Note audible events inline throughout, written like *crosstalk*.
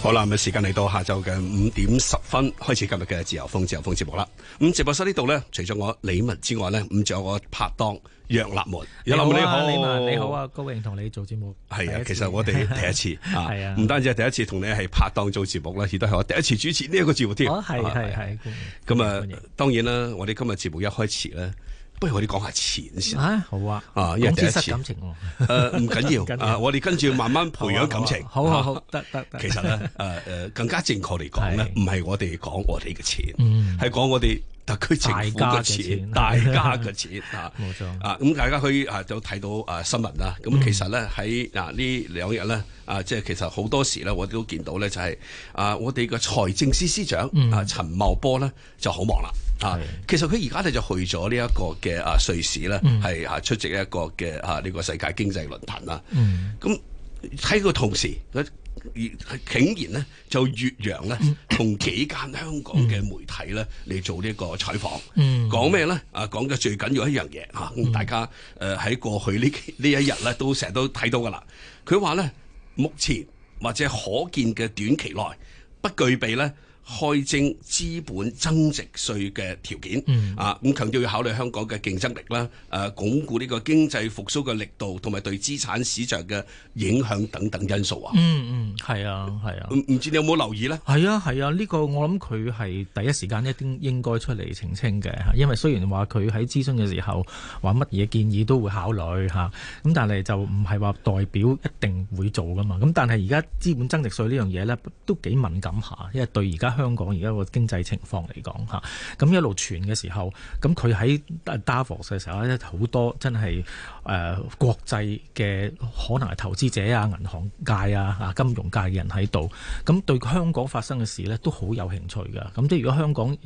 好啦，咁啊，時間嚟到下晝嘅五點十分開始今日嘅自由風自由風節目啦。咁直播室呢度咧，除咗我李文之外咧，咁仲有我拍檔楊立文。楊立文你好，你好啊，高永同你做節目。係啊，其實我哋第一次啊，唔單止係第一次同你係拍檔做節目啦，亦都係我第一次主持呢一個節目添。哦，係係係。咁啊，當然啦，我哋今日節目一開始咧。不如我哋講下錢先。啊，好啊，講錢失感情。誒，唔緊要。啊，我哋跟住慢慢培養感情。好好，好得得。其實咧，誒誒，更加正確嚟講咧，唔係我哋講我哋嘅錢，係講我哋特區政府嘅錢，大家嘅錢啊。冇錯。啊，咁大家可以啊，就睇到啊新聞啦。咁其實咧，喺嗱呢兩日咧。啊，即係其實好多時咧，我都見到咧，就係、是、啊，我哋嘅財政司司長、嗯、啊，陳茂波咧就好忙啦。啊，其實佢而家咧就去咗呢一個嘅啊瑞士咧，係、嗯、啊出席一個嘅啊呢、這個世界經濟論壇啦。咁、嗯、喺個同時，佢、啊、竟然呢，就越洋咧，同幾間香港嘅媒體咧嚟做呢個採訪，嗯嗯、講咩咧？啊，講嘅最緊要一樣嘢、啊、大家喺、呃、過去呢呢一日咧，都成日都睇到噶啦。佢話咧。目前或者可見嘅短期內不具備呢，開徵資本增值稅嘅條件啊，咁強調要考慮香港嘅競爭力啦，誒、啊、鞏固呢個經濟復甦嘅力度，同埋對資產市場嘅影響等等因素、嗯嗯、是啊。嗯嗯，係啊係啊，唔知你有冇留意呢？係啊係啊，呢、啊啊呢個我諗佢係第一時間一定應該出嚟澄清嘅，因為雖然話佢喺諮詢嘅時候話乜嘢建議都會考慮吓，咁、啊、但係就唔係話代表一定會做噶嘛。咁、啊、但係而家資本增值稅呢樣嘢呢，都幾敏感下，因為對而家。香港而家個經濟情況嚟講吓，咁一路傳嘅時候，咁佢喺 Davos 嘅時候咧，好多真係誒、呃、國際嘅可能係投資者啊、銀行界啊、吓金融界嘅人喺度，咁對香港發生嘅事咧都好有興趣㗎。咁即係如果香港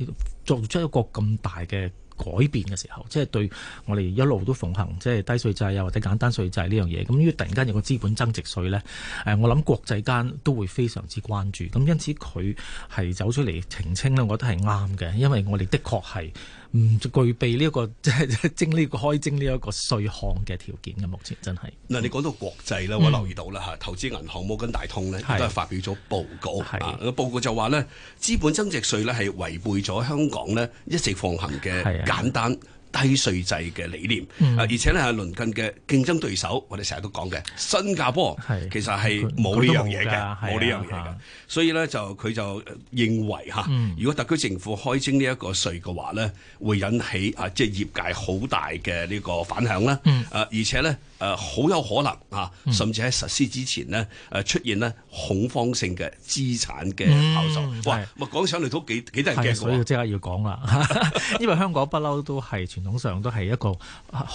做出一個咁大嘅。改變嘅時候，即係對我哋一路都奉行即係低稅制啊，或者簡單稅制呢樣嘢，咁要突然間有個資本增值稅呢，誒，我諗國際間都會非常之關注，咁因此佢係走出嚟澄清，我覺得係啱嘅，因為我哋的確係。唔具備呢、這、一個即係徵呢、這個開徵呢一個稅項嘅條件嘅，目前真係嗱，你講到國際啦，我留意到啦嚇、嗯，投資銀行摩根大通咧都係發表咗報告，啊，個報告就話呢資本增值稅咧係違背咗香港呢一直奉行嘅簡單，低稅制嘅理念，啊，而且咧係鄰近嘅競爭對手，我哋成日都講嘅新加坡，是其實係冇呢樣嘢嘅，冇呢樣嘢嘅，所以咧就佢就認為嚇，啊，如果特區政府開徵呢一個稅嘅話咧，會引起啊即係業界好大嘅呢個反響啦，的啊，而且咧。誒、呃、好有可能啊，甚至喺實施之前咧，誒、啊、出現咧恐慌性嘅資產嘅拋售、嗯。哇，咪講上嚟都幾幾得人驚、啊、所以即刻要講啦， *laughs* 因為香港不嬲都係傳統上都係一個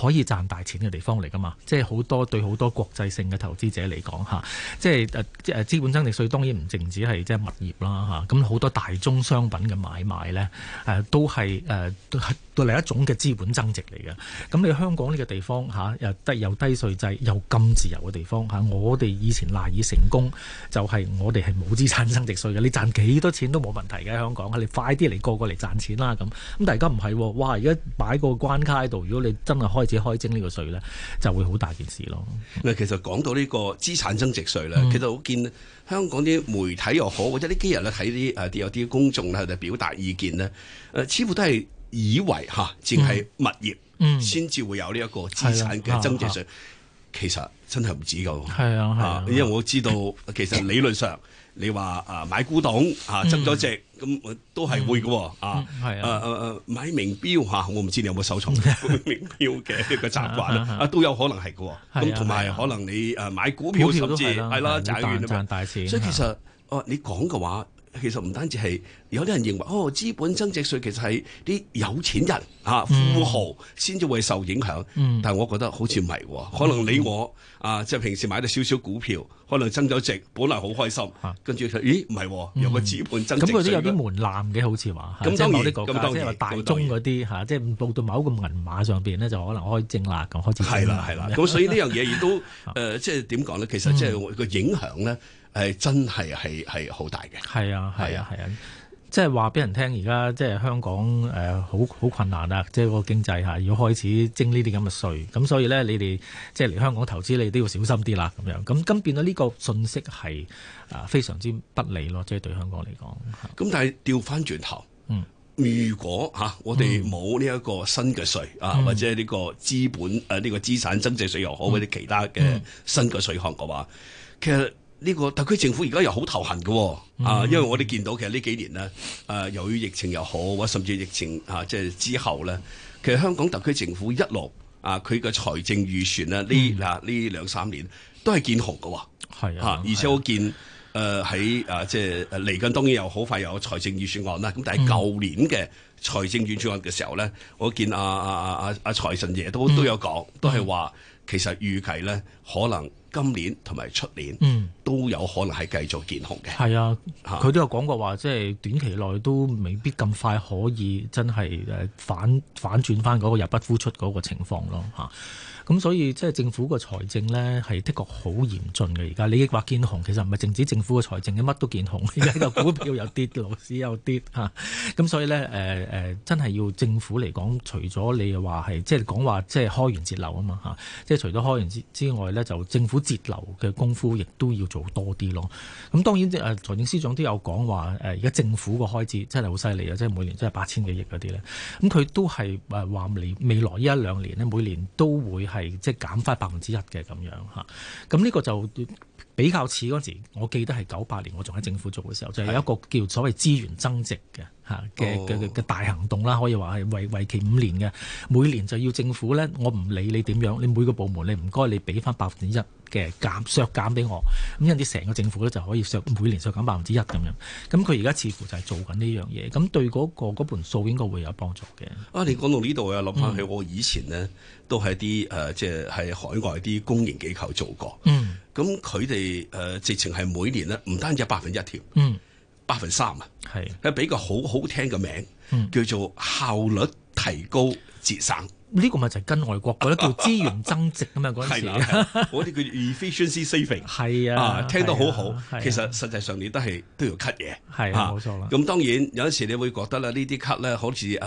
可以賺大錢嘅地方嚟㗎嘛。即係好多對好多國際性嘅投資者嚟講嚇、啊，即係誒誒資本增值稅當然唔淨止係即係物業啦嚇，咁、啊、好多大宗商品嘅買賣咧誒、啊、都係誒對另一種嘅資本增值嚟嘅。咁你香港呢個地方嚇、啊、又低又低，又低稅制有咁自由嘅地方、啊、我哋以前賴以成功，就係、是、我哋係冇資產增值稅嘅，你賺幾多錢都冇問題嘅香港，你快啲嚟過過嚟賺錢啦咁。咁但而家唔係，哇！而家擺個關卡喺度，如果你真係開始開徵呢個稅呢，就會好大件事咯。其實講到呢個資產增值稅呢、嗯、其實我見香港啲媒體又好，或者啲機人呢睇啲有啲公眾咧就表達意見呢、呃，似乎都係。以為吓淨係物業，先、嗯、至、嗯、會有呢一個資產嘅增值稅、啊啊，其實真係唔止噶。係啊,啊,啊,啊，因為我知道、啊、其實理論上，你話啊買古董啊執咗隻咁都係會噶啊。係啊，誒誒、嗯啊嗯嗯啊啊啊、買名表吓，我唔知你有冇收藏 *laughs* 名表嘅一個習慣啊,啊，都有可能係噶。咁同埋可能你誒買股票,股票是甚至係啦賺完大賺大錢,賺錢、啊。所以其實哦、啊，你講嘅話。其實唔單止係有啲人認為哦，資本增值稅其實係啲有錢人富豪先至會受影響，嗯，但係我覺得好似唔係，可能你我啊即係平時買咗少少股票，可能增咗值，本來好開心，跟，啊、住佢咦唔係，哦，有個資本增值稅咁佢，嗯嗯、都有啲門檻嘅，好似話咁當然啲國家話大中嗰啲吓，即係報到某個銀碼上邊咧，就可能開徵啦咁開始係啦係啦，咁，啊啊、所以這也都，啊啊嗯、是麼呢樣嘢亦都誒即係點講咧？其實即係個影響咧。係真係係係好大嘅，係啊，係啊，係啊，啊，即係話俾人聽，而家即係香港誒，好、呃、好困難啊，即係個經濟啊，要開始徵呢啲咁嘅稅，咁所以咧，你哋即係嚟香港投資，你都要小心啲啦，咁樣，咁咁變咗呢個信息係啊、呃，非常之不利咯，即係對香港嚟講，咁但係調翻轉頭，嗯，如果吓、啊、我哋冇呢一個新嘅稅、嗯、啊，或者呢個資本誒呢、啊這個資產增值稅又好，或者其他嘅新嘅稅項嘅話、嗯嗯，其實。呢個特區政府而家又好頭痕嘅，啊，因為我哋見到其實呢幾年呢，誒、呃，由於疫情又好，或者甚至疫情嚇，即、啊、係之後呢，其實香港特區政府一路啊，佢嘅財政預算呢呢兩三年都係見紅嘅喎、啊， *laughs* 啊，而且我見誒喺、呃、啊，即係嚟緊，當然又好快有財政預算案啦。咁但係舊年嘅財政預算案嘅時候呢， *laughs* 我見阿阿阿阿阿財神爺都都有講，都係話其實預計呢可能。今年同埋出年嗯都有可能係繼續見紅嘅，係啊，佢都有講過話，即係短期內都未必咁快可以真係誒反反轉翻嗰個入不敷出嗰個情況咯，吓。咁所以即係政府個財政咧係的確好嚴峻嘅而家，你話見紅，其實唔係淨止政府嘅財政嘅，乜都見紅。而家個股票又跌，樓 *laughs* 市又跌吓。咁、啊、所以咧誒誒真係要政府嚟講，除咗你話係即係講話，即係開源節流啊嘛吓，即係除咗開源之之外咧，就政府節流嘅功夫亦都要做多啲咯。咁當然誒財政司長都有講話，誒而家政府個開支真係好犀利啊，即係每年即係八千幾億嗰啲咧。咁佢都係話話未未來呢一兩年呢，每年都會係。係即係減翻百分之一嘅咁樣嚇，咁呢個就比較似嗰時候，我記得係九八年我仲喺政府做嘅時候，就係有一個叫所謂資源增值嘅。嘅嘅嘅大行動啦，可以話係為為期五年嘅，每年就要政府咧，我唔理你點樣，你每個部門你唔該，你俾翻百分之一嘅減削減俾我，咁因啲成個政府咧就可以削每年削減百分之一咁樣。咁佢而家似乎就係做緊呢樣嘢，咁對嗰個嗰盤數應該會有幫助嘅。啊，你講到呢度啊，諗翻起我以前呢，都係啲即係喺海外啲公營機構做過。嗯，咁佢哋誒直情係每年呢，唔單止百分之一條。嗯。百分三啊，係佢俾個好好聽嘅名、嗯，叫做效率提高節省。呢、嗯這個咪就係跟外國嗰啲 *laughs* 叫資源增值咁啊嗰啲，係啲叫 efficiency saving。係 *laughs* 啊，聽得好好、啊啊。其實實際上你都係都要 cut 嘢。係啊，冇錯啦。咁當然有陣時你會覺得啦，呢啲 cut 咧好似誒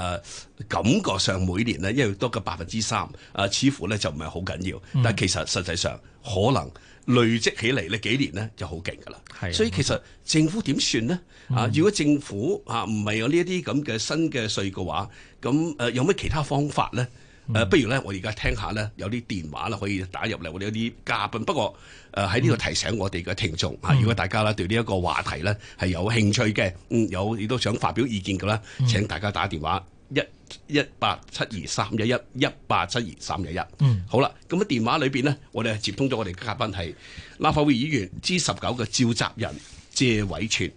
感覺上每年咧因為多個百分之三，誒似乎咧就唔係好緊要。嗯、但係其實實際上可能。累積起嚟呢幾年呢就好勁噶啦，啊、所以其實政府點算呢？嗯、啊，如果政府啊唔係有呢一啲咁嘅新嘅稅嘅話，咁誒、呃、有咩其他方法呢？誒、嗯啊，不如呢，我而家聽下呢，有啲電話啦可以打入嚟，我哋有啲嘉賓。不過誒喺呢度提醒我哋嘅聽眾、嗯、啊，如果大家啦對呢一個話題呢係有興趣嘅，嗯，有亦都想發表意見嘅啦，請大家打電話。一一八七二三一一一八七二三一一，嗯，好啦，咁喺電話裏邊呢，我哋係接通咗我哋嘉賓係立法會議員 G19 嘅召集人謝偉銓，誒、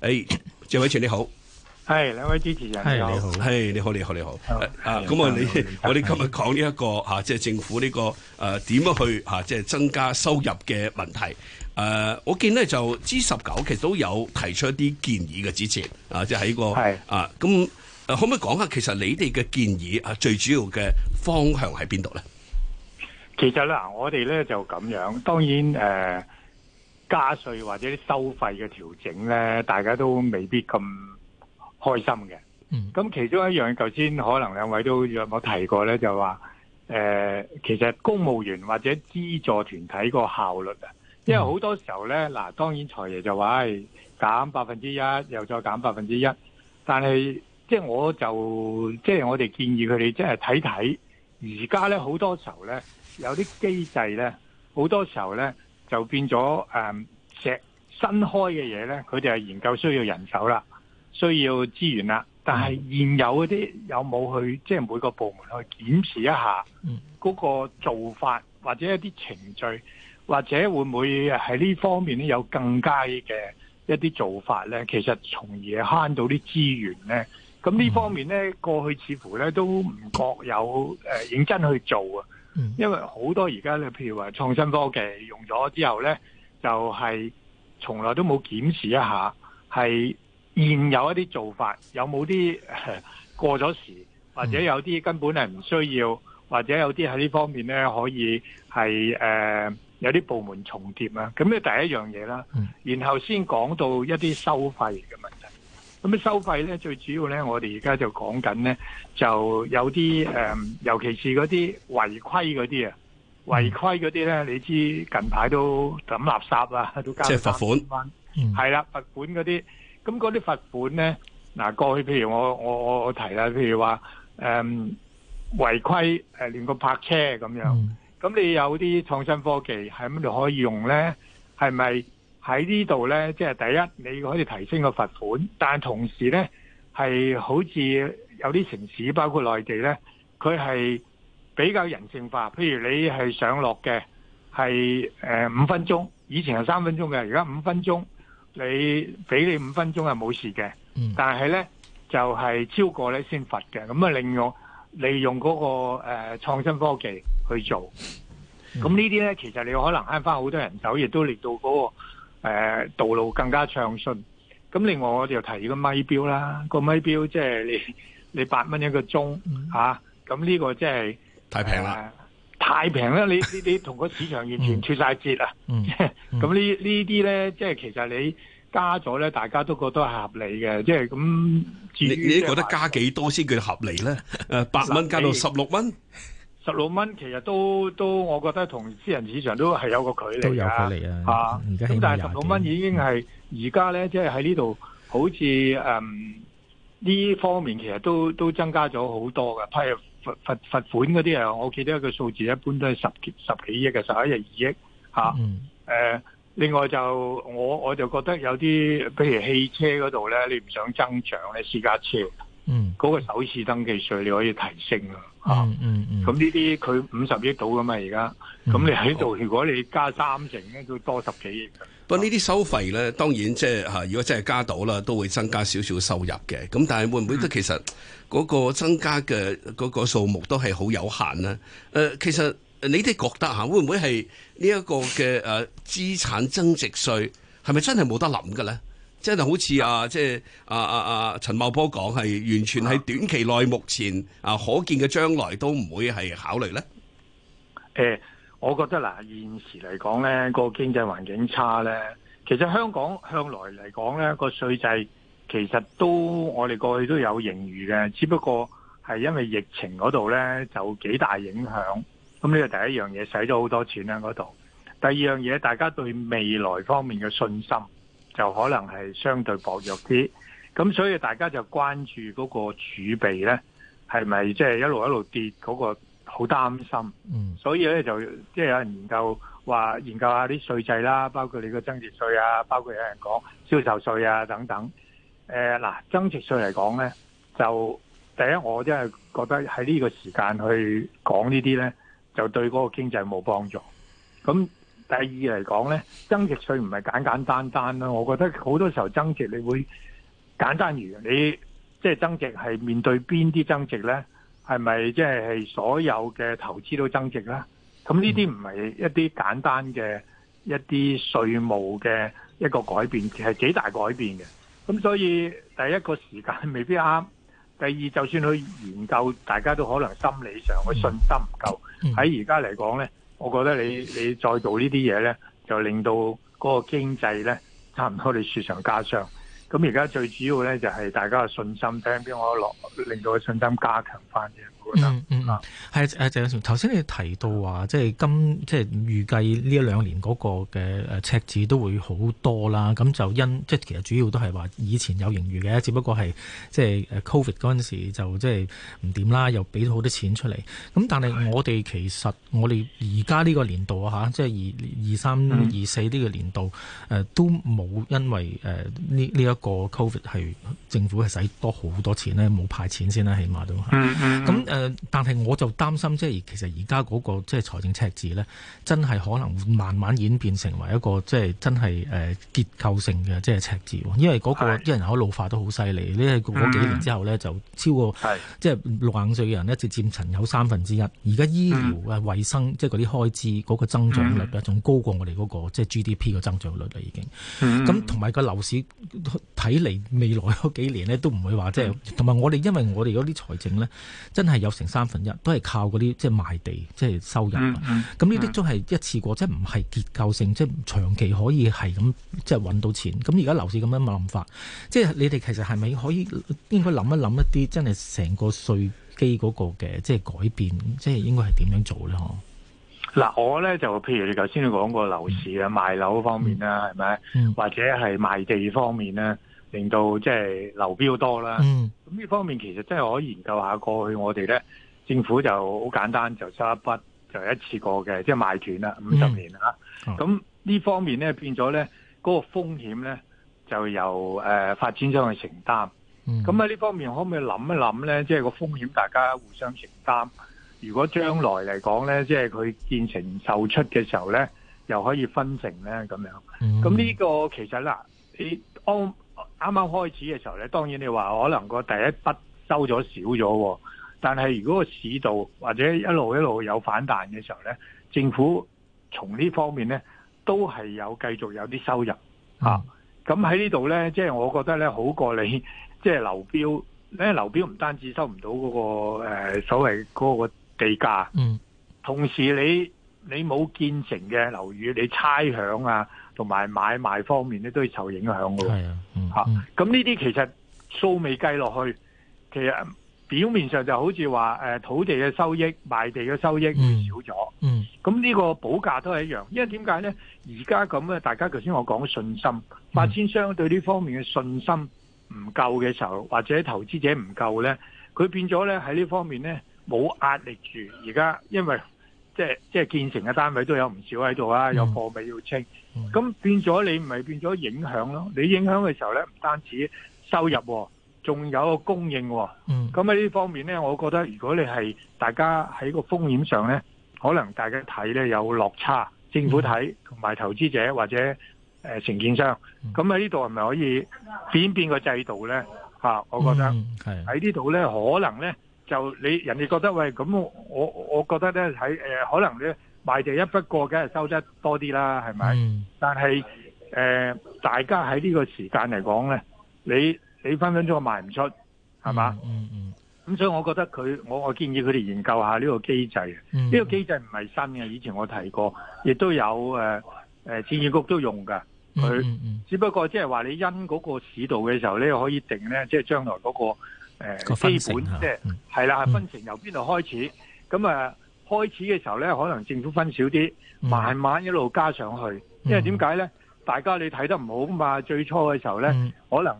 hey，謝偉銓你好，係兩位主持人，你好，係你，你好，你好，你好，好啊，咁啊，你，你好我哋今日講呢、這、一個吓，即、啊、係、就是、政府呢、這個誒點、啊、去吓，即、啊、係、就是、增加收入嘅問題，誒、啊，我見呢就 G19 其實都有提出一啲建議嘅支持，啊，即係喺個啊咁。可唔可以講下其，其實你哋嘅建議啊，最主要嘅方向喺邊度咧？其實啦，我哋咧就咁樣，當然、呃、加稅或者啲收費嘅調整咧，大家都未必咁開心嘅。嗯。咁其中一樣，頭先可能兩位都有冇提過咧，就話、呃、其實公務員或者資助團體個效率啊、嗯，因為好多時候咧，嗱，當然財爺就話係減百分之一，又再減百分之一，但係，即係我就即係我哋建議佢哋即係睇睇，而家咧好多時候咧有啲機制咧，好多時候咧就變咗誒石新開嘅嘢咧，佢哋係研究需要人手啦，需要資源啦。但係現有嗰啲有冇去即係每個部門去檢視一下嗰個做法，或者一啲程序，或者會唔會喺呢方面咧有更加嘅一啲做法咧？其實從而慳到啲資源咧。咁、嗯、呢方面呢，過去似乎呢都唔覺有誒、呃、認真去做啊、嗯，因為好多而家咧，譬如話創新科技用咗之後呢，就係、是、從來都冇檢視一下，係現有一啲做法有冇啲過咗時，或者有啲根本係唔需要，或者有啲喺呢方面呢可以係、呃、有啲部門重疊啊，咁呢第一樣嘢啦、嗯，然後先講到一啲收費嘅問咁樣，收費咧最主要咧，我哋而家就講緊咧，就有啲誒、呃，尤其是嗰啲違規嗰啲啊，違規嗰啲咧，你知近排都抌垃圾啊，都交即係罰款。係、嗯、啦，罰款嗰啲，咁嗰啲罰款咧，嗱、啊、過去譬如我我我，我提啦，譬如話誒、呃、違規誒、呃，連個泊車咁樣，咁、嗯、你有啲創新科技喺度可以用咧？係咪？喺呢度呢，即係第一，你可以提升個罰款，但同時呢，係好似有啲城市，包括內地呢，佢係比較人性化。譬如你係上落嘅，係誒五分鐘，以前係三分鐘嘅，而家五分鐘，你俾你五分鐘係冇事嘅。但係呢，就係、係、超過呢先罰嘅。咁啊利用利用嗰、嗰個誒創、呃、新科技去做，咁呢啲呢，其實你可能慳翻好多人手，亦都令到嗰、嗰個。誒、呃，道路更加暢順。咁另外我哋又提個咪錶啦，個咪錶即係你你八蚊一個鐘，咁呢個即係太平啦，太平啦，呃，你 *laughs* 你你同個市場完全脱曬節啦。咁呢呢啲咧，即係其實你加咗咧，大家都覺得都合理嘅，即係咁。你你覺得加幾多先叫合理咧？八 *laughs* 蚊加到十六蚊。十六蚊，其實都都，我覺得同私人市場都係有個距離啊。都有距離啊。嚇！咁但係十六蚊已經係而家咧，即係喺呢度、就是，好似誒呢方面其實都都增加咗好多嘅。譬如罰罰罰款嗰啲啊，我記得一個數字，一般都係十幾十幾億嘅，十一日二億、嗯啊、另外就我我就覺得有啲，譬如汽車嗰度咧，你唔想增長咧，私家車，嗯，嗰、嗰個首次登記稅你可以提升啊。嗯嗯嗯，咁呢啲佢五十億到噶嘛而家，咁你喺度如果你加三成咧，都多十幾億。不、啊、過呢啲收費咧，當然即係吓，如果真係加到啦，都會增加少少收入嘅。咁但係會唔會都其實嗰個增加嘅嗰個數目都係好有限呢？誒、呃，其實你哋覺得吓會唔會係呢一個嘅誒資產增值稅係咪真係冇得諗嘅咧？真係好似啊，即係啊啊啊，陳茂波講係完全係短期內，目前啊可見嘅將來都唔會係考慮呢。誒，我覺得嗱，現時嚟講呢，個經濟環境差呢，其實香港向來嚟講呢，個稅制其實都我哋過去都有盈餘嘅，只不過係因為疫情嗰度呢，就幾大影響。咁呢個第一樣嘢，使咗好多錢喺嗰度。第二樣嘢，大家對未來方面嘅信心。就可能係相對薄弱啲，咁所以大家就關注嗰個儲備呢，係咪即係一路一路跌，那個，嗰個好擔心。嗯，所以呢，就即係有人研究話研究下啲稅制啦，包括你個增值稅啊，包括有人講銷售稅啊等等。誒、呃、嗱，增值稅嚟講呢，就第一我真係覺得喺呢個時間去講呢啲呢，就對嗰個經濟冇幫助。咁第二嚟講呢，增值稅唔係簡簡單單咯。我覺得好多時候增值你會簡單如你，即係增值係面對邊啲增值呢？係咪即係所有嘅投資都增值呢？咁呢啲唔係一啲簡單嘅一啲稅務嘅一個改變，其實係幾大改變嘅。咁所以第一個時間未必啱，第二就算去研究，大家都可能心理上嘅信心唔夠。喺而家嚟講呢。我覺得你你再做呢啲嘢呢，就令到嗰個經濟呢差唔多，你雪上加霜。咁而家最主要呢，就係、是、大家嘅信心，睇下邊可落，令到個信心加強翻啲。 *laughs* 嗯嗯嗱，係誒鄭生，頭先你提到話，即係今即係預計呢一兩年嗰個嘅誒赤字都會好多啦。咁就因即係其實主要都係話以前有盈餘嘅，只不過係即係誒 Covid 嗰陣時就即係唔掂啦，又俾咗好多錢出嚟。咁但係我哋其實我哋而家呢個年度啊嚇，即係二二三二四呢個年度誒、嗯、都冇因為誒呢呢一個 Covid 係政府係使多好多錢咧，冇派錢先啦，起碼都。嗯咁、嗯嗯但係我就擔心，即係其實而家嗰個即係財政赤字咧，真係可能會慢慢演變成為一個即係真係誒、呃、結構性嘅即係赤字，因為嗰、那個啲人口老化都好犀利。呢個幾年之後咧，就超過即係六十五歲嘅人咧，就佔成有三分之一。而家醫療啊、衛、嗯、生即係嗰啲開支，嗰、那個增長率仲、嗯、高過我哋嗰、那個即係 GDP 嘅增長率啦，已經。咁同埋個樓市睇嚟，未來嗰幾年呢，都唔會話即係，同埋我哋因為我哋嗰啲財政咧，真係有。有成三分一都係靠嗰啲即係賣地，即係收入。咁呢啲都係一次過，即係唔係結構性，嗯、即係長期可以係咁即係搵到錢。咁而家樓市咁樣嘅諗法，即係你哋其實係咪可以應該諗一諗一啲真係成個稅基嗰個嘅即係改變，即係應該係點樣做咧？嗱，我咧就譬如你頭先講過樓市啊，賣樓方面啦，係、嗯、咪？或者係賣地方面咧？令到即係流標多啦，咁、嗯、呢方面其實真係可以研究下過去我哋咧，政府就好簡單就收一筆，就一次過嘅，即、就、係、是、賣斷啦，五十年啦咁呢方面咧變咗咧，嗰、那個風險咧就由誒、呃、發展商去承擔，咁喺呢方面可唔可以諗一諗咧？即係個風險大家互相承擔，如果將來嚟講咧，即係佢建成售出嘅時候咧，又可以分成咧咁樣，咁、嗯、呢個其實啦，你安。啱啱開始嘅時候咧，當然你話可能個第一筆收咗少咗，但係如果個市道或者一路一路有反彈嘅時候咧，政府從呢方面咧都係有繼續有啲收入嚇。咁喺、嗯嗯、呢度咧，即、就、係、是、我覺得咧好過你即係流標咧，流標唔單止收唔到嗰、那個、呃、所謂嗰個地價，嗯，同時你你冇建成嘅樓宇，你猜響啊。同埋買賣方面咧都係受影響嘅喎，咁呢啲其實數未計落去，其實表面上就好似話土地嘅收益，賣地嘅收益越少咗，嗯，咁呢個保價都係一樣。因為點解呢？而家咁，大家頭先我講信心，發展商對呢方面嘅信心唔夠嘅時候，或者投資者唔夠呢，佢變咗呢喺呢方面呢冇壓力住。而家因為即係建成嘅單位都有唔少喺度啊，有貨尾要清，咁、嗯、變咗你咪變咗影響咯。你影響嘅時候呢，唔單止收入，仲有一個供應。咁喺呢方面呢，我覺得如果你係大家喺個風險上呢，可能大家睇呢有落差，政府睇同埋投資者或者誒承、呃、建商。咁喺呢度係咪可以變變個制度呢？嗯啊、我覺得喺呢度呢、嗯，可能呢。就你人哋覺得喂咁我我覺得咧喺、呃、可能咧賣地一筆過，梗係收得多啲啦，係咪、嗯？但係、呃、大家喺呢個時間嚟講咧，你你分分鐘賣唔出，係嘛？嗯嗯。咁、嗯、所以，我覺得佢我我建議佢哋研究下呢個機制。嗯。呢個機制唔係新嘅，以前我提過，亦都有誒誒、呃呃、建局都用㗎，佢。嗯，嗯，嗯只不過即係話你因嗰個市道嘅時候咧，可以定咧，即係將來嗰個。誒、呃那個、基本即係係啦，分成由邊度開始？咁、嗯、啊，開始嘅時候咧，可能政府分少啲，慢慢一路加上去。嗯、因為點解咧？大家你睇得唔好嘛？最初嘅時候咧、嗯，可能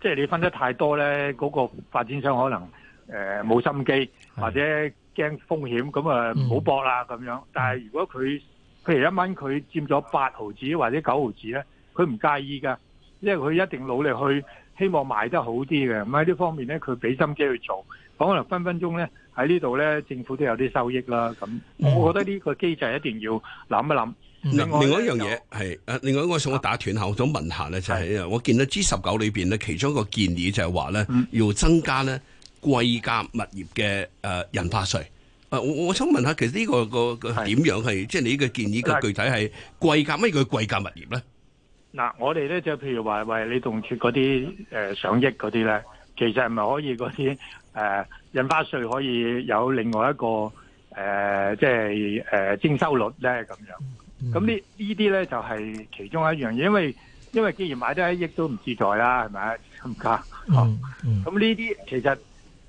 即係你分得太多咧，嗰、那個發展商可能誒冇、呃、心機，或者驚風險，咁啊，唔好搏啦咁樣。但係如果佢譬如一蚊佢佔咗八毫子或者九毫子咧，佢唔介意㗎，因為佢一定努力去。希望賣得好啲嘅。咁喺呢方面咧，佢俾心機去做，可能分分鐘咧喺呢度咧，政府都有啲收益啦。咁，我覺得呢個機制一定要諗一諗、嗯。另外一樣嘢係誒，另外一個我想我打斷一下、啊，我想問下咧、就是，就係我見到 G 十九裏邊咧，其中一個建議就係話咧要增加咧貴、呃呃這個就是、貴、貴價物業嘅誒印花稅。誒，我我想問下，其實呢個個個點樣係即係你呢個建議嘅具體係貴價咩叫貴價物業咧？嗱、啊，我哋咧就譬如話喂你同缺嗰啲誒上億嗰啲咧，其實係咪可以嗰啲誒印花稅可以有另外一個誒、呃、即係誒徵收率咧咁樣？咁呢呢啲咧就係、是、其中一樣嘢，因為因為既然買得一億都唔自在啦，係咪？唔 *laughs* 加、啊，咁呢啲其實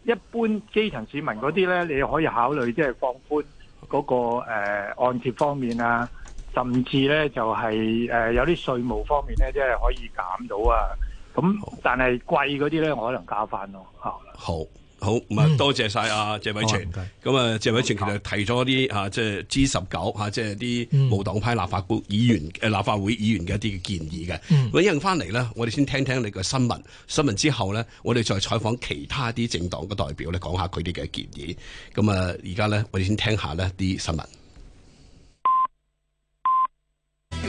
一般基層市民嗰啲咧，你可以考慮即係放寬嗰、那個誒、呃、按揭方面啊。甚至咧就係、是、誒、呃、有啲稅務方面咧，即係可以減到啊。咁但係貴嗰啲咧，我可能加翻咯。吓好，好唔係、嗯、多謝晒啊、嗯，謝偉銓。咁、哦、啊，謝偉銓其實提咗啲、嗯、啊，即係 G 十九吓，即係啲無黨派立法會議員誒、嗯，立法會議員嘅一啲嘅建議嘅。咁一陣返嚟咧，我哋先聽聽你嘅新聞。新聞之後咧，我哋再採訪其他啲政黨嘅代表咧，講下佢哋嘅建議。咁啊，而家咧，我哋先聽一下呢啲新聞。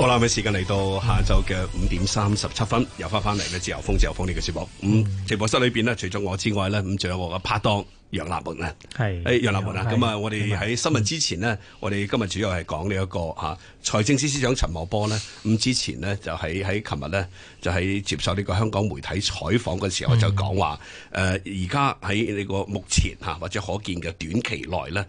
好啦，咪時間嚟到下晝嘅五點三十七分，又翻翻嚟嘅自由風，自由風呢個節目，咁、嗯、直播室裏邊呢，除咗我之外咧，咁仲有我嘅拍檔楊立文，楊立文、嗯、這個、啊。係，誒，楊立文啊。咁啊，我哋喺新聞之前呢，我哋今日主要係講呢一個吓財政司司長陳茂波呢。咁、啊、之前呢，就喺喺琴日呢，就喺、是、接受呢個香港媒體採訪嘅時候、嗯、就講話，誒、呃，而家喺呢個目前吓、啊、或者可見嘅短期內咧。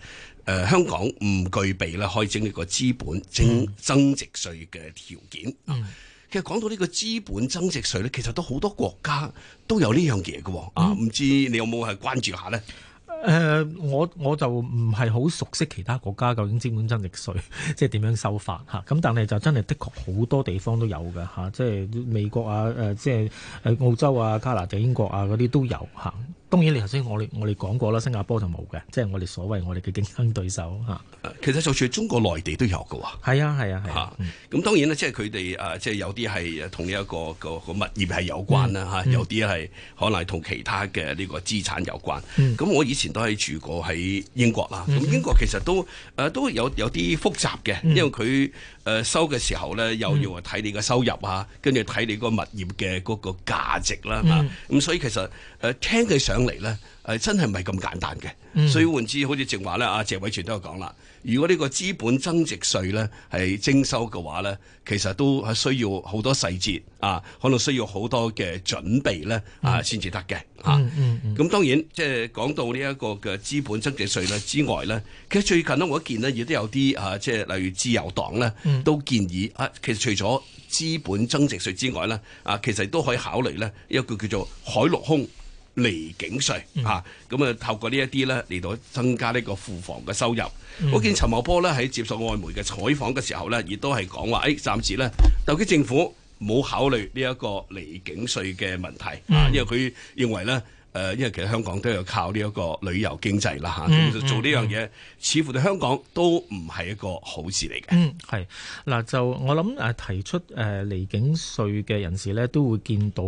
誒、呃、香港唔具備咧開徵呢個資本徵增值稅嘅條件。嗯、其實講到呢個資本增值稅咧，其實都好多國家都有呢樣嘢嘅喎。啊，唔知你有冇係關注下咧？誒、啊，我我就唔係好熟悉其他國家究竟資本增值稅，即係點樣收法嚇。咁但係就真係的，的確好多地方都有嘅嚇，即係美國啊、誒即係誒澳洲啊、加拿大、英國啊嗰啲都有嚇。當然，你頭先我我哋講過啦，新加坡就冇嘅，即係我哋所謂我哋嘅競爭對手嚇。其實就算中國內地都有嘅喎。係啊，係啊，係、啊。咁、啊嗯、當然咧，即係佢哋誒，即係有啲係同呢一個個個物業係有關啦嚇、嗯嗯，有啲係可能係同其他嘅呢個資產有關。咁、嗯、我以前都係住過喺英國啦，咁、嗯、英國其實都誒、呃、都有有啲複雜嘅、嗯，因為佢。誒、呃、收嘅時候咧，又要睇你嘅收入啊，跟住睇你個個物業嘅嗰個價值啦、啊、咁、嗯啊、所以其實誒、呃、聽佢上嚟咧、呃，真係唔係咁簡單嘅、嗯。所以換之好似正話咧，阿、啊、謝偉銓都有講啦。如果呢個資本增值稅咧係徵收嘅話咧，其實都係需要好多細節啊，可能需要好多嘅準備咧啊，先至得嘅嚇。咁、啊嗯嗯嗯、當然即係講到呢一個嘅資本增值稅咧之外咧，其實最近咧我一見呢亦都有啲啊，即係例如自由黨咧都建議、嗯、啊，其實除咗資本增值稅之外咧啊，其實都可以考慮咧一個叫做海陸空。離境稅嚇，咁、嗯、啊就透過呢一啲咧嚟到增加呢個庫房嘅收入。嗯、我見陳茂波咧喺接受外媒嘅採訪嘅時候咧，亦都係講話誒，暫時咧，特區政府冇考慮呢一個離境稅嘅問題，嗯啊、因為佢認為咧。誒，因為其實香港都有靠呢一個旅遊經濟啦，吓、嗯嗯嗯，其實做呢樣嘢，似乎對香港都唔係一個好事嚟嘅。嗯，係嗱，就我諗誒、啊，提出誒離、啊、境稅嘅人士呢，都會見到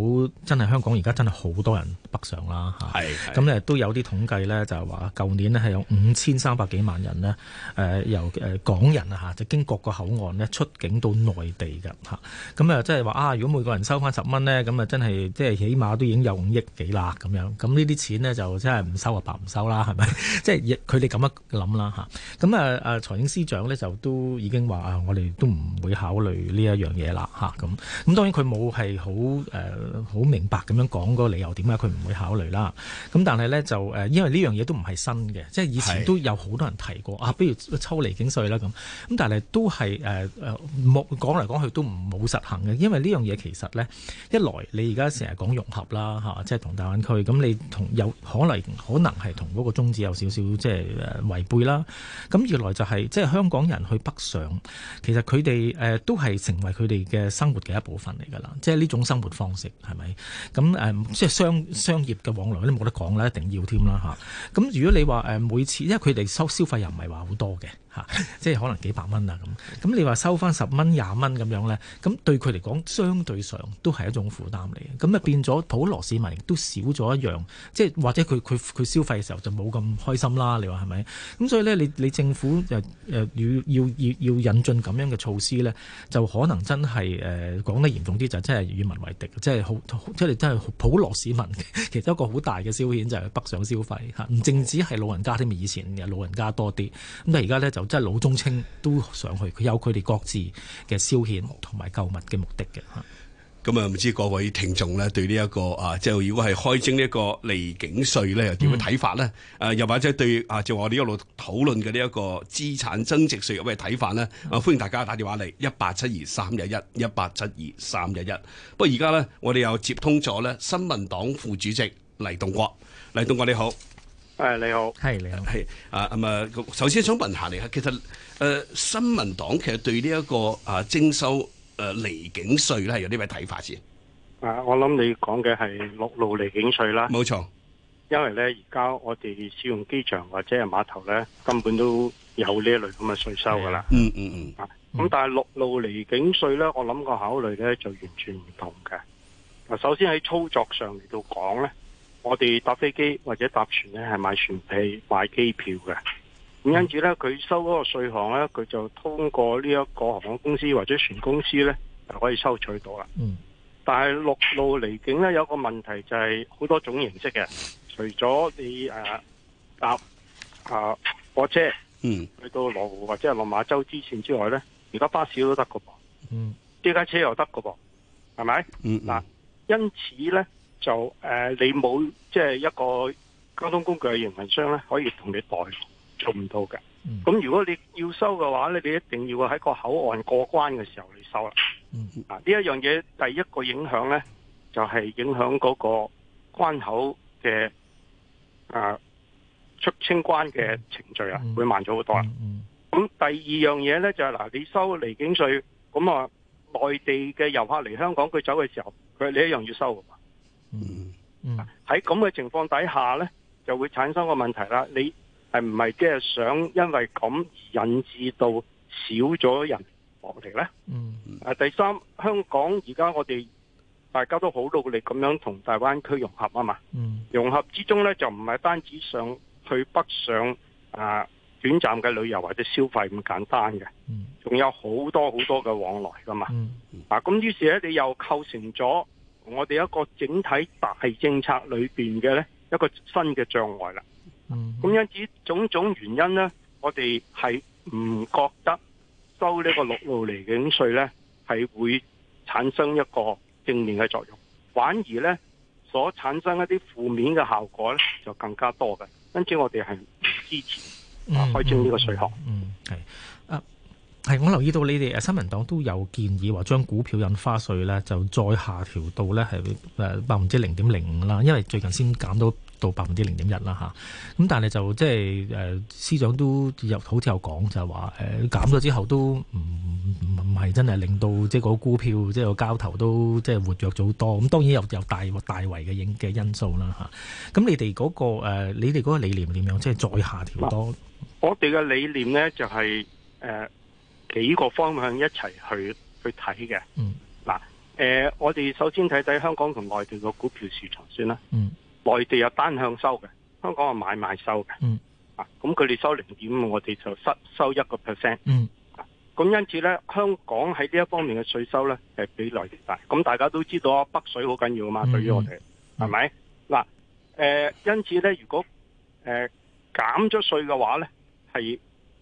真係香港而家真係好多人北上啦，吓。係，咁都有啲統計呢，就係話舊年咧係有五千三百幾萬人呢，誒、呃、由誒、呃、港人啊吓，就經各個口岸咧出境到內地噶吓，咁啊即係話啊，如果每個人收翻十蚊呢，咁啊真係即係起碼都已經有五億幾啦咁樣。咁呢啲錢呢，就真係唔收 *laughs* 啊白唔收啦，係咪？即係佢哋咁樣諗啦嚇，咁啊啊財政司長呢，就都已經話啊，我哋都唔會考慮呢一樣嘢啦嚇，咁咁當然佢冇係好好明白咁樣講個理由點解佢唔會考慮啦。咁、啊、但係呢，就、啊、因為呢樣嘢都唔係新嘅，即係以前都有好多人提過啊，不如抽離境稅啦咁。咁、啊、但係都係誒誒，冇講嚟講去都冇實行嘅，因為呢樣嘢其實呢，一來你而家成日講融合啦、啊、即係同大灣區咁。你同有可能可能係同嗰個宗旨有少少即係違背啦。咁原來就係、是、即係香港人去北上，其實佢哋誒都係成為佢哋嘅生活嘅一部分嚟噶啦。即係呢種生活方式係咪？咁誒、呃、即係商商業嘅往來都冇得講啦，一定要添啦吓，咁、啊、如果你話誒每次，因為佢哋收消費又唔係話好多嘅，吓、啊，即係可能幾百蚊啊咁。咁你話收翻十蚊廿蚊咁樣咧，咁對佢嚟講相對上都係一種負擔嚟嘅，咁啊變咗普羅市民亦都少咗一樣。即係或者佢佢佢消費嘅時候就冇咁開心啦，你話係咪？咁所以咧，你你政府就誒要要要要引進咁樣嘅措施咧，就可能真係誒講得嚴重啲就真係與民為敵，即係好即係真係普羅市民其實一個好大嘅消遣就係北上消費嚇，唔淨止係老人家添，以前係老人家多啲，咁但係而家咧就真係老中青都想去，佢有佢哋各自嘅消遣同埋購物嘅目的嘅。咁啊，唔知各位聽眾咧對呢、這、一個啊，即係如果係開徵呢一個離境稅咧，又點嘅睇法咧？誒，又或者對啊，就我哋一路討論嘅呢一個資產增值稅有咩睇法咧、嗯？啊，歡迎大家打電話嚟一八七二三一一一八七二三一一。不過而家咧，我哋又接通咗咧，新民黨副主席黎棟國，黎棟國你好，誒你好，係你好，係啊咁啊，首先想問下你啊，其實誒、呃，新民黨其實對呢、這、一個啊徵收。誒、呃，離境稅咧，有啲咩睇法先？啊，我諗你講嘅係陸路離境稅啦，冇錯。因為咧，而家我哋使用機場或者係碼頭咧，根本都有呢一類咁嘅稅收噶啦。嗯嗯嗯。啊，咁、嗯嗯、但係陸路離境稅咧，我諗個考慮咧就完全唔同嘅。嗱，首先喺操作上嚟到講咧，我哋搭飛機或者搭船咧，係買船票、買機票嘅。.咁因此咧，佢收嗰個稅項咧，佢就通過呢一個航空公司或者船公司咧，就可以收取到啦。嗯。但係陸路離境咧，有個問題就係好多種形式嘅，除咗你誒搭啊火、啊、車，嗯，去到羅湖，或者係落馬洲支線之外咧，而家巴士都得嘅噃。嗯。私家車又得嘅噃，係咪？嗯。嗱，因此咧就誒、呃，你冇即係一個交通工具嘅營運商咧，可以同你代。做唔到嘅。咁如果你要收嘅話咧，你一定要喺個口岸過關嘅時候你收啦。啊，呢一樣嘢第一個影響咧，就係、是、影響嗰個關口嘅啊出清關嘅程序啊，嗯、會慢咗好多、嗯嗯嗯、啊。咁第二樣嘢咧就係、是、嗱，你收離境稅，咁啊內地嘅遊客嚟香港，佢走嘅時候，佢你一樣要收噶嘛。嗯，喺咁嘅情況底下咧，就會產生個問題啦，你。係唔係即係想因為咁而引致到少咗人往嚟呢嗯，誒、嗯啊，第三，香港而家我哋大家都好努力咁樣同大灣區融合啊嘛。嗯。融合之中呢，就唔係單止上去北上啊，短暫嘅旅遊或者消費咁簡單嘅。仲、嗯、有好多好多嘅往來噶嘛嗯。嗯。啊，咁於是呢，你又構成咗我哋一個整體大政策裏邊嘅呢一個新嘅障礙啦。咁、嗯嗯、因此種種原因呢，我哋係唔覺得收呢個六路嚟嘅稅呢係會產生一個正面嘅作用，反而呢所產生一啲負面嘅效果呢就更加多嘅。因此我哋係支持啊開徵呢個稅項。嗯，係、嗯嗯、啊，係我留意到你哋誒，新民黨都有建議話將股票印花稅呢就再下調到呢係誒百分之零點零五啦，因為最近先減到。到百分之零點一啦，吓咁但係就即係誒，司長都有好似有講就係話誒，減咗之後都唔唔係真係令到即係嗰個股票即係個交投都即係活躍咗好多，咁當然有有大大圍嘅影嘅因素啦，吓咁你哋嗰個誒，你哋嗰個理念點樣，即係再下調多？我哋嘅理念咧就係誒幾個方向一齊去去睇嘅。嗯，嗱，誒，我哋首先睇睇香港同內地個股票市場先啦。嗯。內地有單向收嘅，香港係買賣收嘅。嗯。啊，咁佢哋收零點我哋就收收一個 percent。嗯。咁、啊、因此咧，香港喺呢一方面嘅稅收咧，係比內地大。咁大家都知道啊，北水好緊要啊嘛、嗯，對於我哋係咪？嗱、嗯，誒、啊呃，因此咧，如果誒、呃、減咗稅嘅話咧，係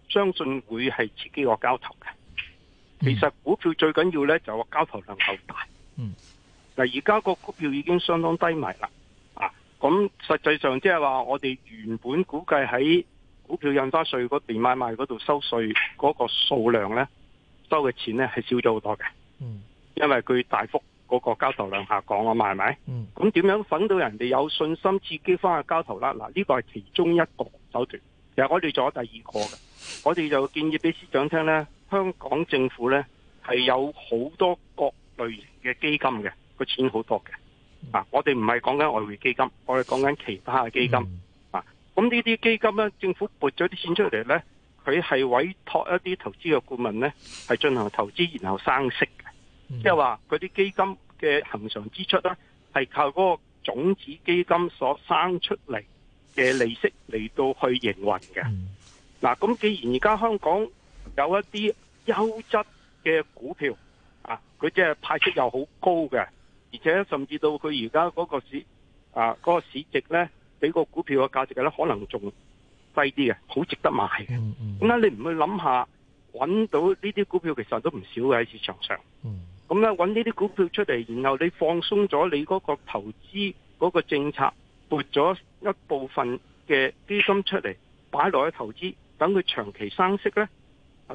相信會係刺激個交投嘅。其實股票最緊要咧就係、是、交投量夠大。嗯。嗱、啊，而家個股票已經相當低迷啦。咁實際上，即係話我哋原本估計喺股票印花稅嗰邊買賣嗰度收稅嗰個數量呢，收嘅錢呢係少咗好多嘅。嗯，因為佢大幅嗰個交投量下降啊嘛，係咪？嗯。咁點樣粉到人哋有信心刺激翻去交投啦？嗱，呢個係其中一個手段。其實我哋仲有第二個嘅，我哋就建議俾司長聽呢，香港政府呢係有好多各類型嘅基金嘅，個錢好多嘅。啊！我哋唔係講緊外匯基金，我哋講緊其他嘅基金、嗯、啊！咁呢啲基金咧，政府撥咗啲錢出嚟咧，佢係委託一啲投資嘅顧問咧，係進行投資然後生息嘅。即係話佢啲基金嘅恆常支出咧，係靠嗰個種子基金所生出嚟嘅利息嚟到去營運嘅。嗱、嗯、咁、啊、既然而家香港有一啲優質嘅股票啊，佢即係派息又好高嘅。而且甚至到佢而家嗰個市啊，嗰個市值咧，比個股票嘅價值咧，可能仲低啲嘅，好值得買嘅。咁咧，你唔去諗下，揾到呢啲股票其實都唔少嘅喺市場上。咁咧，Mm-hmm. 嗯，揾呢啲股票出嚟，然後你放鬆咗你嗰個投資嗰個政策，撥咗一部分嘅基金出嚟擺落去投資，等佢長期生息咧。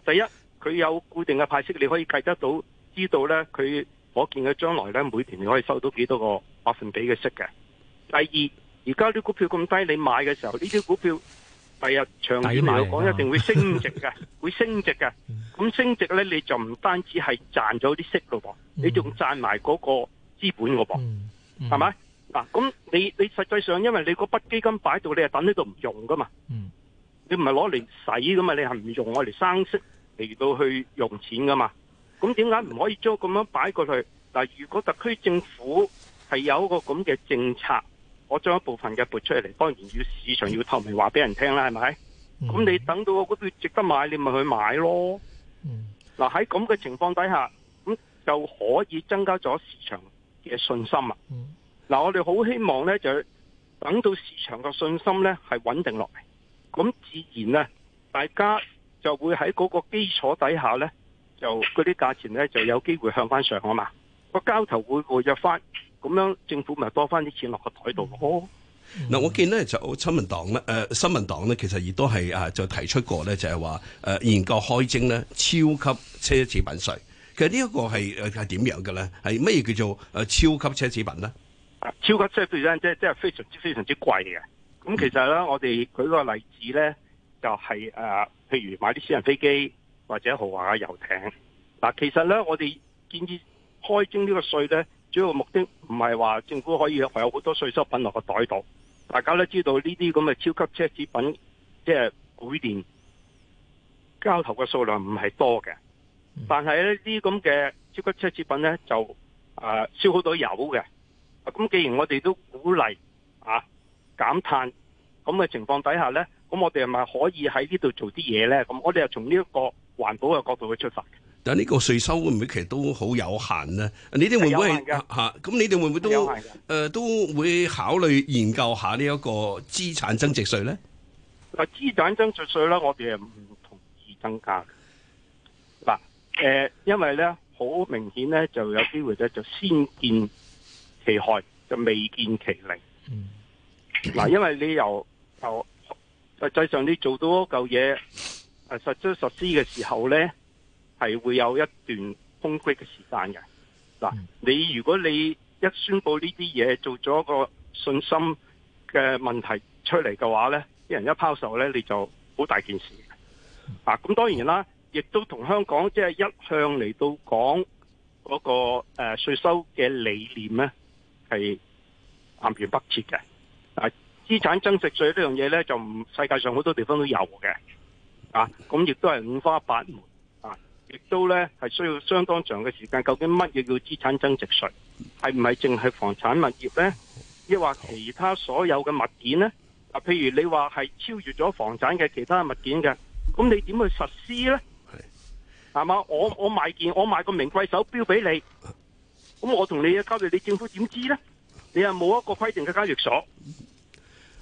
第一佢有固定嘅派息，你可以計得到，知道咧佢。我見佢將來咧，每年你可以收到幾多個百分比嘅息嘅。第二，而家啲股票咁低，你買嘅時候，呢啲股票第日，日長遠嚟講一定會升值嘅，會升值嘅。咁 *laughs* 升值咧，你就唔單止係賺咗啲息咯噃，嗯嗯嗯，你仲賺埋嗰個資本個噃，係咪？嗱，咁你你實際上因為你嗰筆基金擺到，你係等呢度唔用噶嘛、嗯、嘛，你唔係攞嚟使噶嘛，你係唔用我嚟生息嚟到去用錢噶嘛。咁點解唔可以將咁樣擺過去？嗱，如果特區政府係有一個咁嘅政策，我將一部分嘅撥出嚟，當然要市場要透明話俾人聽啦，係咪？咁、mm -hmm. 你等到嗰邊值得買，你咪去買咯。嗱，喺咁嘅情況底下，咁就可以增加咗市場嘅信心啦。嗱、mm -hmm.，我哋好希望呢，就等到市場嘅信心呢係穩定落嚟，咁自然呢，大家就會喺嗰個基礎底下呢。就嗰啲價錢咧，就有機會向翻上啊嘛！個交投會回約翻，咁樣政府咪多翻啲錢落個袋度咯。嗱、嗯嗯，我見咧就親民黨咧，誒新民黨咧、呃，其實亦都係、啊、就提出過咧，就係話誒研究開徵咧超級奢侈品稅、啊啊就是就是嗯嗯。其實呢一個係誒係點樣嘅咧？係乜嘢叫做超級奢侈品咧？超級奢侈品即即係非常之非常之貴嘅。咁其實咧，我哋舉個例子咧，就係、是、誒、啊，譬如買啲私人飛機。或者豪華嘅遊艇，嗱，其實咧，我哋建議開徵呢個稅咧，主要目的唔係話政府可以有好多稅收品落個袋度。大家都知道呢啲咁嘅超級奢侈品，即係每年交投嘅數量唔係多嘅。但係咧，呢啲咁嘅超級奢侈品咧，就啊燒好多油嘅。咁既然我哋都鼓勵啊減碳咁嘅情況底下咧，咁我哋係咪可以喺呢度做啲嘢咧？咁我哋又從呢、這、一個，環保嘅角度去出發，但係呢個稅收會唔會其實都好有限呢？你哋會唔會吓？咁、啊、你哋會唔會都誒、呃、都會考慮研究一下呢一個資產增值稅呢？嗱，資產增值稅咧，我哋係唔同意增加嘅。嗱，誒，因為咧，好明顯咧，就有機會咧，就先見其害，就未見其利。嗱、嗯，因為你由由實際上你做到嗰嚿嘢，實質實施嘅時候呢，係會有一段空隙嘅時間嘅。嗱、嗯，你如果你一宣佈呢啲嘢，做咗個信心嘅問題出嚟嘅話呢，啲人一拋售呢，你就好大件事嘅。咁、嗯啊、當然啦，亦都同香港即係、就是、一向嚟到講嗰個誒稅、呃、收嘅理念呢，係南轅北轍嘅。啊，資產增值稅呢樣嘢呢，就唔世界上好多地方都有嘅。咁、啊、亦都係五花八門啊！亦都咧係需要相當長嘅時間。究竟乜嘢叫資產增值稅？係唔係淨係房產物業咧？亦話其他所有嘅物件咧？啊！譬如你話係超越咗房產嘅其他物件嘅，咁你點去實施咧？係，係嘛？我我賣件，我賣個名貴手表俾你，咁我同你交易，你政府點知咧？你又冇一個規定嘅交易所，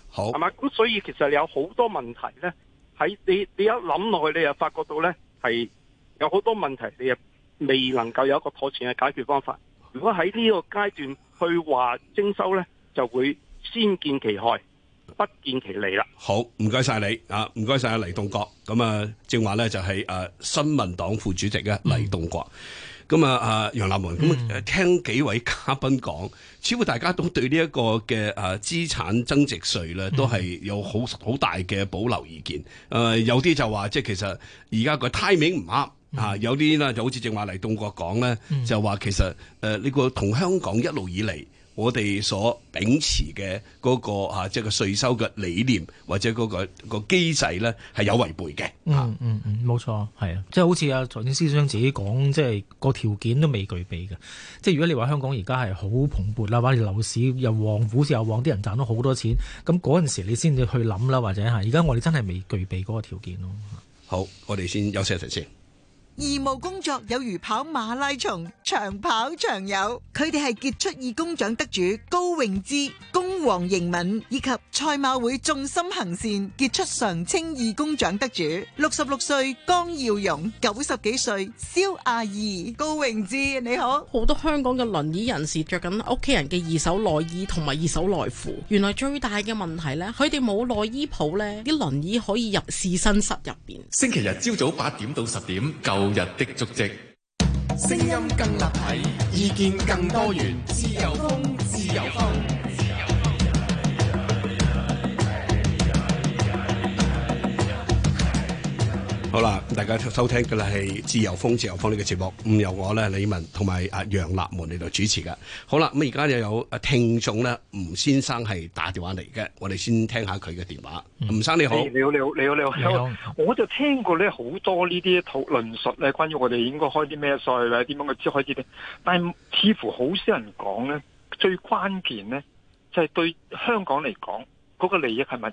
好係嘛？咁所以其實你有好多問題咧。喺你你一諗落去，你又發覺到呢係有好多問題，你又未能夠有一個妥善嘅解決方法。如果喺呢個階段去話徵收呢，就會先見其害，不見其利啦。好，唔該晒你啊，唔該晒黎棟國。咁啊，正話呢就係、是、誒、啊，新民黨副主席嘅黎棟國。咁啊，阿楊立文咁、嗯，聽幾位嘉賓講，似乎大家都對呢一個嘅誒、啊、資產增值稅咧，都係有好好大嘅保留意見。誒、啊，有啲就話，即係其實而家個 timing 唔啱啊，有啲呢就好似正話黎棟國講咧，就話其實誒呢個同香港一路以嚟，我哋所秉持嘅嗰個啊，即係個稅收嘅理念或者嗰個個機制咧，係有違背嘅。嗯嗯嗯，冇錯，係啊，即係好似啊財政司長自己講，即係個條件都未具備嘅。即係如果你話香港而家係好蓬勃啦，或者樓市又旺，股市又旺，啲人賺到好多錢，咁嗰陣時你先至去諗啦，或者係而家我哋真係未具備嗰個條件咯。好，我哋先休息一陣先。義務工作有如跑馬拉松、長跑長有。佢哋係傑出義工獎得主高榮志、公王盈敏以及賽馬會重心行善傑出常青義工獎得主六十六歲江耀榮、九十幾歲蕭阿姨。高榮志你好，好多香港嘅輪椅人士着緊屋企人嘅二手內衣同埋二手內褲，原來最大嘅問題呢，佢哋冇內衣鋪呢啲輪椅可以入試身室入邊。星期日朝早八點到十點，日的足跡，聲音更立體，意見更多元，自由風，自由風。好啦，大家收聽嘅啦係自由風自由風呢個節目，咁由我咧，李文同埋阿楊立門嚟到主持㗎。好啦，咁而家又有聽眾咧，吳先生係打電話嚟嘅，我哋先聽下佢嘅電話。嗯、吳生你好，你好你好你好你好，你好，我就聽過咧好多呢啲討論述咧，關於我哋應該開啲咩稅或者點樣去開啲咧，但係似乎好少人講咧，最關鍵咧就係對香港嚟講嗰個利益係咪？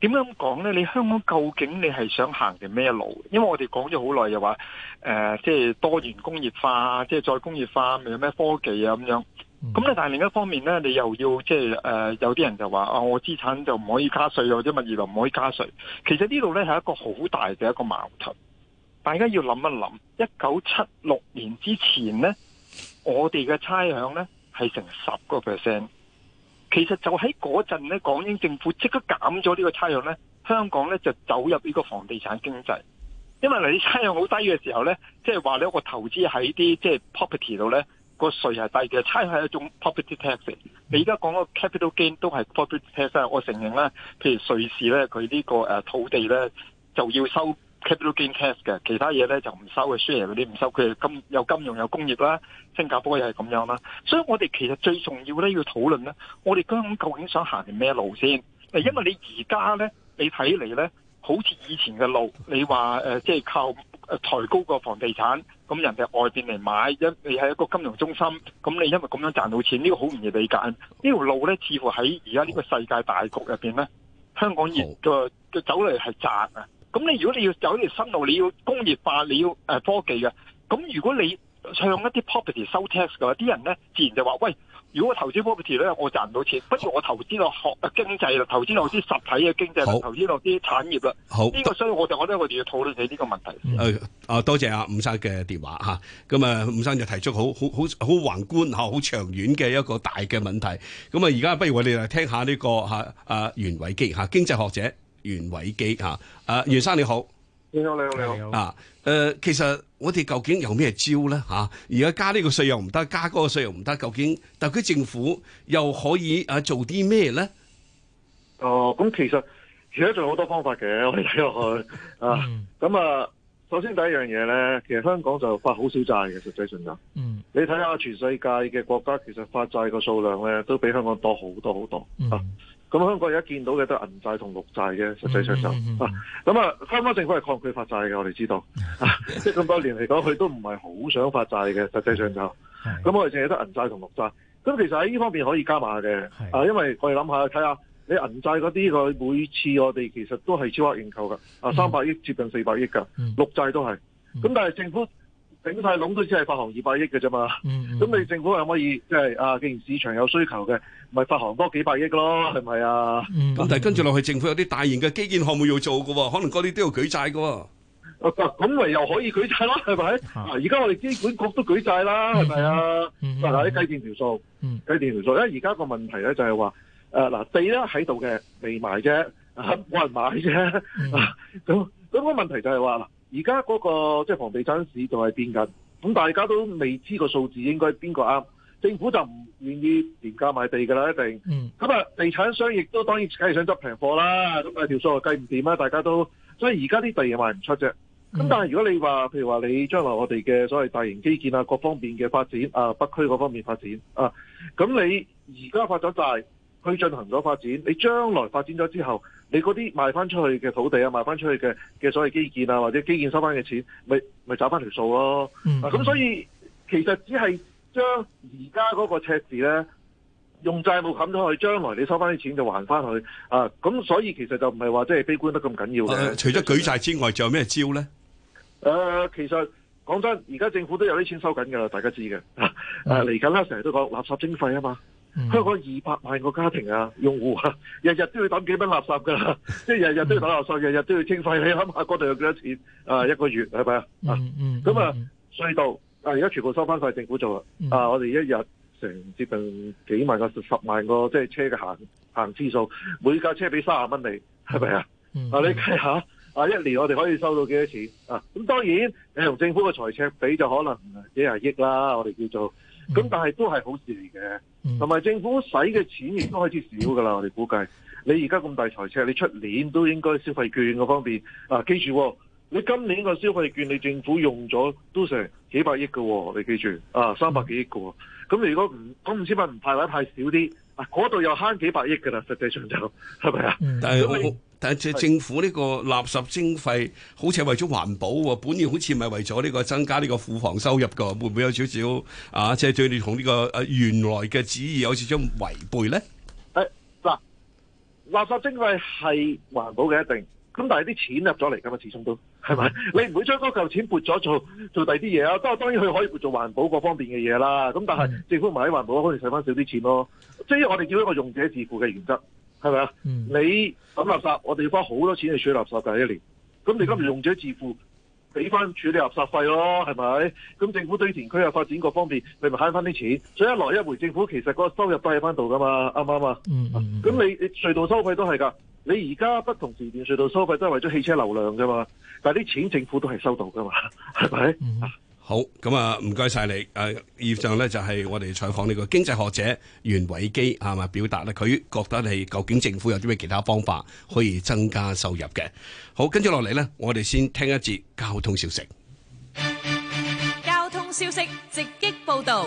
點樣講呢？你香港究竟你係想行條咩路？因為我哋講咗好耐又話誒、呃，即係多元工業化，即係再工業化，咪有咩科技啊咁樣。咁但係另一方面呢，你又要即係、呃、有啲人就話啊、哦，我資產就唔可以加稅，或者物業就唔可以加稅。其實呢度呢係一個好大嘅一個矛盾。大家要諗一諗，一九七六年之前呢，我哋嘅差餉呢係成十個 percent。其實就喺嗰陣咧，港英政府即刻減咗呢個差餉咧，香港咧就走入呢個房地產經濟。因為你差餉好低嘅時候咧，即係話你一個投資喺啲即係 property 度咧，個稅係低嘅。差餉係一種 property tax。你而家講個 capital gain 都係 property tax。我承認咧，譬如瑞士咧，佢呢個誒土地咧就要收。Capital gain tax 嘅，其他嘢咧就唔收嘅。share 嗰啲唔收，佢金有金融有工業啦，新加坡又係咁樣啦。所以我哋其實最重要咧，要討論咧，我哋究竟想行咩路先？因為你而家咧，你睇嚟咧，好似以前嘅路，你話誒、呃，即係靠誒抬、呃、高個房地產，咁人哋外邊嚟買，因你係一個金融中心，咁你因為咁樣賺到錢，呢、這個好容易理解。這個，呢條路咧，似乎喺而家呢個世界大局入邊咧，香港業嘅嘅走嚟係窄啊。咁你如果你要走一條新路，你要工業化，你要誒、呃、科技嘅，咁如果你向一啲 property 收 tax 嘅，啲人咧自然就話，喂，如果投資 property 咧，我賺唔到錢，不如我投資落學經濟啦，投資落啲實體嘅經濟，投資落啲產業啦。好呢、這個，所以我就覺得我哋要討論起呢個，問題、嗯呃啊啊啊、個問題。啊，多謝阿吳生嘅電話吓，咁啊，吳生就提出好好好好宏觀吓、好長遠嘅一個大嘅問題。咁啊，而家不如我哋嚟聽，聽下呢、這個吓阿、啊啊、袁偉基吓、啊，經濟學者。袁偉基吓，誒、啊、袁生你好、嗯、你好，你好你好你好啊，誒、呃、其實我哋究竟有咩招咧吓？而、啊、家加呢個稅又唔得，加嗰個稅又唔得，究竟特區政府又可以誒、啊、做啲咩咧？哦，咁其實其實仲有好多方法嘅，我哋睇落去啊。咁 *laughs* 啊，首先第一樣嘢咧，其實香港就發好少債嘅，實際上有，嗯， *laughs* 你睇下全世界嘅國家，其實發債個數量咧都比香港多好多好多 *laughs* 啊。咁香港而家見到嘅都係銀債同綠債嘅，實際上就是，咁、嗯嗯嗯、啊，香港政府係抗拒發債嘅，我哋知道，即、啊、咁 *laughs* 多年嚟講，佢都唔係好想發債嘅，實際上就是，咁我哋淨係得銀債同綠債，咁其實喺呢方面可以加碼嘅，啊，因為我哋諗下睇下，你銀債嗰啲佢每次我哋其實都係超額認購㗎，啊，三百億接近四百億㗎，綠、嗯、債都係，咁但係政府。整晒籠都只係發行二百億嘅啫嘛，咁、嗯嗯、你政府係可以即係啊，既然市場有需求嘅，咪發行多幾百億咯，係咪啊？咁、嗯嗯嗯、但係跟住落去，政府有啲大型嘅基建項目要做喎，可能嗰啲都要舉債喎、啊。咁咪又可以舉債咯，係咪？啊，而家我哋機管局都舉債啦，係咪啊？嗱、嗯嗯嗯嗯嗯啊，啲基建條數，基建條數，而家個問題咧就係話，誒，嗱，地咧喺度嘅，未賣啫，冇、啊、人買啫。咁、嗯、咁、嗯嗯嗯嗯啊那個問題就係話。而家嗰個即係、就是、房地產市仲係變緊，咁大家都未知個數字應該邊個啱，政府就唔願意廉價賣地㗎啦一定。咁、嗯、啊，地產商亦都當然梗係想執平貨啦。咁啊條數又計唔掂啊，大家都所以現在而家啲地又賣唔出啫。咁、嗯、但係如果你話譬如話你將來我哋嘅所謂大型基建啊，各方面嘅發展啊，北區嗰方面發展啊，咁你而家發展大。佢進行咗發展，你將來發展咗之後，你嗰啲賣翻出去嘅土地啊，賣翻出去嘅嘅所謂基建啊，或者基建收翻嘅錢，咪咪找翻條數咯。咁、嗯啊、所以其實只係將而家嗰個赤字咧，用債務冚咗佢，將來你收翻啲錢就還翻佢啊。咁所以其實就唔係話即係悲觀得咁緊要嘅、啊、除咗舉債之外，仲、就是、有咩招咧？誒、啊，其實講真，而家政府都有啲錢收緊㗎啦，大家知嘅啊。嚟緊咧，成、啊、日都講垃圾徵費啊嘛。嗯、香港二百萬個家庭啊，用戶啊，日日都要抌幾筆垃圾噶、啊，即係日日都要抌垃圾，日、嗯、日都要清費，你諗下嗰度有幾多錢？啊，一個月係咪啊？啊嗯。咁、嗯、啊，隧、嗯、道啊，而家全部收翻晒政府做、嗯、啊，我哋一日成接近幾萬個十,十萬個即係車嘅行行次數，每架車俾三十蚊你，係咪啊、嗯？啊，你計下啊，一年我哋可以收到幾多錢啊？咁當然，你同政府嘅財赤比就可能幾廿億啦。我哋叫做。咁、嗯、但係都係好事嚟嘅，同、嗯、埋政府使嘅錢亦都開始少噶啦。我哋估計，你而家咁大財赤，你出年都應該消費券嗰方面，啊，記住、哦，你今年個消費券你政府用咗都成幾百億喎、哦。你記住，啊，三百幾億喎。咁如果唔咁唔知咪唔派位太少啲，啊嗰度又慳幾百億噶啦。實際上就係咪啊？但係但係即係政府呢個垃圾徵費，好似係為咗環保喎，本意好似唔係為咗呢個增加呢個庫房收入噶，會唔會有少少啊？即係對你同呢個誒原來嘅旨意有少少違背咧？誒、哎、嗱、啊，垃圾徵費係環保嘅一定，咁但係啲錢入咗嚟噶嘛始終都係咪？你唔會將嗰嚿錢撥咗做做第二啲嘢啊？當當然佢可以撥做環保嗰方面嘅嘢啦，咁但係政府唔喺環保，可以使翻少啲錢咯，即係我哋叫一個用者自付嘅原則。係咪啊？你抌垃圾，我哋要花好多錢去處理垃圾嘅一年。咁你今日用者自付，俾翻處理垃圾費咯，係咪？咁政府對填區又發展各方面，你咪慳翻啲錢。所以一來一回，政府其實個收入都喺翻度噶嘛，啱唔啱啊？咁你、嗯、你隧道收費都係噶。你而家不同時段隧道收費都係為咗汽車流量㗎嘛，但係啲錢政府都係收到噶嘛，係咪？嗯好，咁啊，唔該晒你。誒，以上咧就係我哋採訪呢個經濟學者袁偉基，係咪表達咧佢覺得係究竟政府有啲咩其他方法可以增加收入嘅。好，跟住落嚟咧，我哋先聽一節交通消息。交通消息直擊報道。